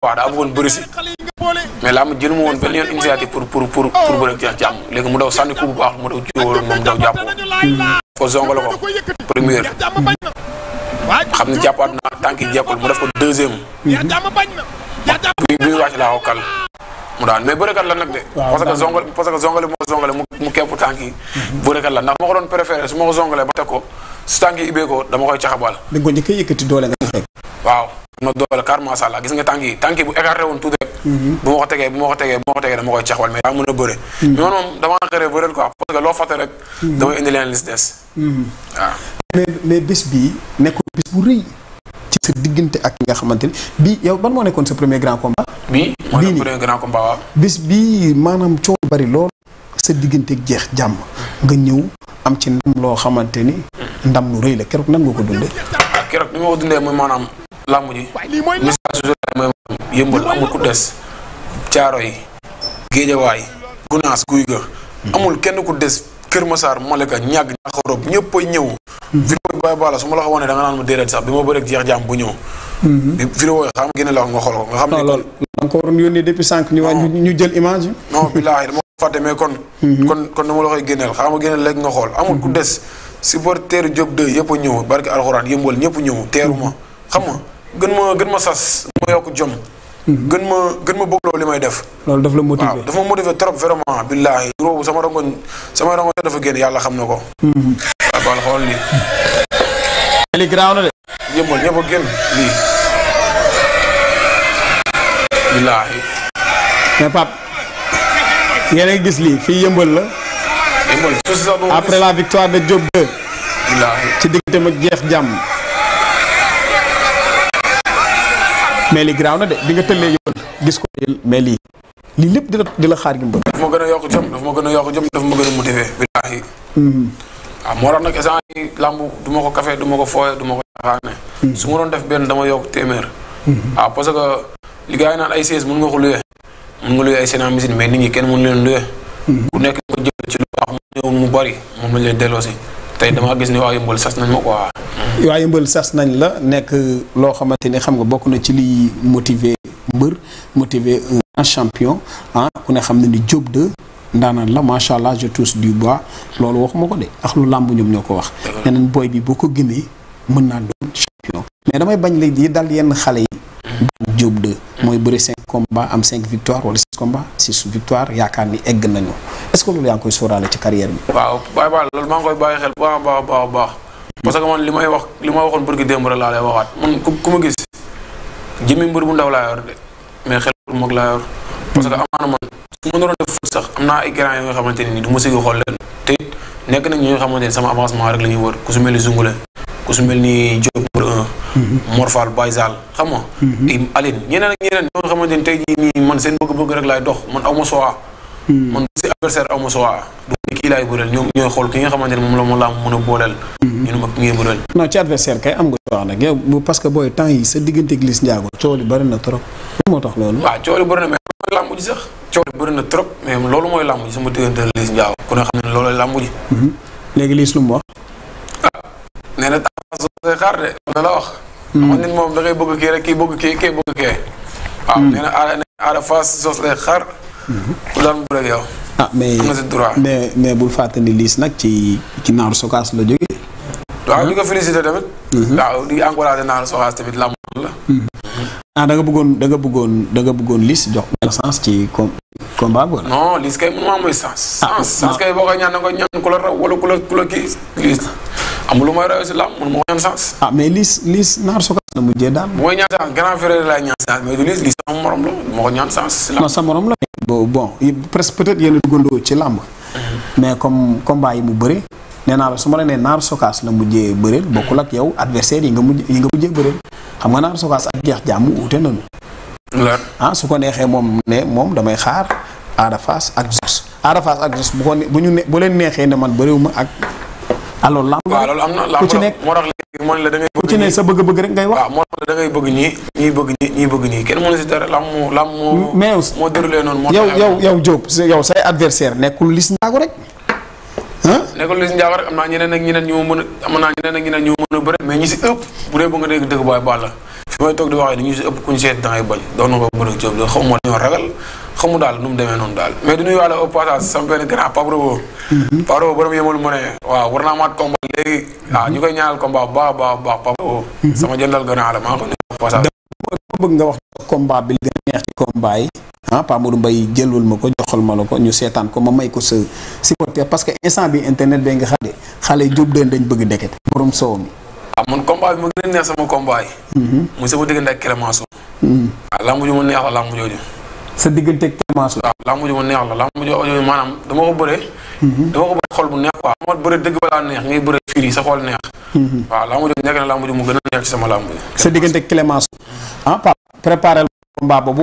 waaw daa bëggoon bëri si mais laa ma jël ma woon benn yoon initiative pour pour pour pour bëri ak jàmm léegi mu daw sànni ku bu baax mu daw jiwoon moom daw jàpp ko zongale ko première xam ne jàppaat naa tànk yi jàppal mu def ko deuxième wàcc laa ko kal mu daan mais bërekat la nag de parce que zongale parce que moo zongale mu kepp tànk yi bërekat la ndax ma ko doon préféré su ma ko zongalee ba teg ko su tànk ibee ko dama koy caxabal waaw ma doole car gis nga tànk yi tànk yi bu écarté woon tuuti rek. Mhm. bu ma ko tegee bu bu ma mais daa mën a bëre. Mhm. Mhm. bu rëy ci sa diggante ak nga xamante ni bii yow ban moo nekkoon sa premier grand combat. bii bi le premier grand combat waaw. bés maanaam coow bari lool sa diggante ak jeex jàmm nga ñëw am ci ndam loo xamante ni. ndam lu rëy la keroog nan nga ko dundee. waaw ah, keroog ni ma ko dundee mooy maanaam. làmb ji message journal mooy maanaam yëmbal amul ku des caaro yi géejawaay gunaas guy ga amul kenn ku des Kër Masaar Malika ñàgg ñaxarob ñëpp a ñëw hmm. vidéo baay baala su ma la ko wanee da nga naan ma déedéet sax jeex jaam bu ñëw hmm. vidéo yi xam génne la ko nga xool ko nga xam ne loolu da nga ko waroon yónnee depuis ñu jël image yi non billaahi dama ko fàtte kon hmm. kon kon dama la koy génneel xam nga génneel léegi nga xool amul ku des supporter Diop 2 yëpp a ñëw barke alxuraan yëmbal ñëpp ñëw teeruma xam nga gën ma gën ma sas ma yokk jom. Hmm. gën ma gën ma bëgg loolu li may def. loolu daf la motiver waaw dafa ma motiver trop vraiment roobu sama rongoñ sama rongoñ dafa génn yàlla xam na ko. Hmm. waaw baal xool lii. lii garaaw na de. yëmbal gis lii fii yëmbal la. yëmbal après la victoire de Diop 2. billahi ci digganteem ak jeex jàmm. mais li graaw na de di nga tëllee yoon gis ko mais lii lii lépp di di la xaar gi mu bëgg. ma gën a yokk jom dafa ma gën a yokk jom dafa ma gën a motivé billaahi. waaw mm-hmm. ah, moo tax nag instant yi làmb du ma ko café duma ko fooye duma ma ko caaxaane. Mm-hmm. su ma doon def benn dama yokk téeméer. waaw mm-hmm. ah, parce que li gars naan ay siège mën nga ko luyee mën nga luyee ay sena machine mais nit ñi kenn mënu leen luyee. ku nekk ko jël ci lu baax mu ñëw mu bari moom lañ leen delloosi tey dama gis ne waa Yeumbeul sas nañ ma quoi. waaye mbër sas nañ la nekk loo xamante ni xam nga bokk na ci liy motiver mbër motiver champion ah ku ne xam ne ni Diop de ndaanaan la macha allah je touche du bois loolu waxuma ko de ak lu làmb ñoom ñoo ko wax. neneen booy bi boo ko gëmee mën naa doon champion. mais damay bañ léegi dal yenn xale yi. daan Diop mooy bëri cinq combats am cinq victoires wala six combats six victoires yaakaar ni egg nañu est-ce que loolu yaa koy sóoraale ci carrière bi. waaw bàyyi baax loolu parce que man li may wax li ma waxoon bërki démb rek laa lay waxaat man ku ku ma gis jëmmi mbër bu ndaw laa yor de mais xel bu mag laa yor parce que amaana man su ma naroon def fët sax am naa ay grand yi nga xamante ne nii du ma sigi xool leen te it nekk nañ ñi nga xamante ni sama avancement rek la ñuy wër ku su mel ni Zungule ku su mel ni Diop numéro un mhm. Morfal Baye Sall mhm. i Aline ñeneen ak ñeneen ñoo nga xamante tey jii nii man seen bëgg-bëgg rek laay dox man aw ma sowa mhm. man si adversaire ma sowa kii laay bëreel ñoom ñooy xool ki nga xamante moom la mu làmb mën a booleel. Mm-hmm. ñu ne ma ki ngay bëreel. non ci adversaire kay am nga ci wax nag yow bu parce que booy temps yi sa diggante ak Liss Ndiago coow li na trop moo tax loolu. waaw coow li bëri na mooy làmb ji sax coow li bëri trop mais loolu mooy làmb ji sama diggante ak Liss ku ne xam ne loolu làmb ji. Mm-hmm. léegi Liss lu mu wax. ah nee na temps soo xaar de da la wax. xam mm-hmm. moom da ngay bëgg kii rek kii bëgg kii kii bëgg kii. waaw nee na aada aada Fass sos lay xaar. ku ah mais mais mais bul fàttali liis nag ci ci naaru sokaas la jógee. waaw ñu ko félicité tamit. waaw di ah. mhm. encouragé naaru la. Mhm. Ah, da nga bëggoon da nga bëggoon da nga bëggoon liis jox la sens ci com combat bi wala. non liis kay mënuma mooy sens. Ah, la raw wala ku la ku la kii liis amul lu may rawee si lamb mënuma ko ñaan sens. ko ñaan sens. sa morom la. bon presque peut-être yéen a duggandoo ci làmb mais comme combat yi mu bëri nee la su ma la nee naaru sokaas la mujjee bëreel bokkul ak yow adversaire yi nga mujj yi nga mujjee bëreel xam nga naaru sokaas ak jeex jàmm uute nañu ah su ko neexee moom ne moom damay xaar Ada Fass ak Zoss Ada Fass ak Zoss bu ñu leen neexee ne man bëriwuma ak alors làmb ku ci nekk ci ne sa bëgg-bëgg rek ngay wax. waaw moo tax da bëgg ñii ñii bëgg ñii ñii bëgg ñii kenn mënu si dara lam moo lam moo. mais noonu moo. yow yow yow Diop yow say adversaire nekkul Liss Ndiago rek. nekkul Liss am naa ñeneen ak ñeneen ñu mën a am naa ñeneen ak ñeneen ñu mën a bëri mais ñi si ëpp bu dee bu nga dégg dëgg baay baal la fi may toog di waxee ni ñu si ëpp kuñ seet dangay bañ doon na ko mën a Diop xaw ma dañoo ragal xamu daal nu mu demee noonu daal mais du nuyu waale au passage sama benn grand Pabro. Mhm. Pabro borom yemul mu ne waaw war naa maat combat léegi ah ñu koy ñaanal combat bu baax baax baax Pabro. Mhm. sama jëndal grand la maa ngi ko nga wax combat bi a neex ci combat yi ah Pa Modou Mbaye jëlul ma ko joxal ma la ko ñu seetaan ko ma may ko sa supporter parce que instant bi internet bee nga xam ne xale yi jub dañ bëgg deket borom soow mi. ah man combat bi ma gën a neex sama combat yi. muy sama diggante ak Clémenceau. ah lamb ju ma neex la lamb sa digganteeg Clémence. waaw làmb ji ma neex la làmb ji maanaam dama ko bëree. Mm-hmm. dama ko bëree xol bu neex quoi ma bëree dëgg balaa neex ngay bëree firi sa xol neex. Mm-hmm. waaw làmb ji nekk na làmb ji mu gën a neex sama làmb ji. sa digganteeg Clémence ah Pape préparé combat boobu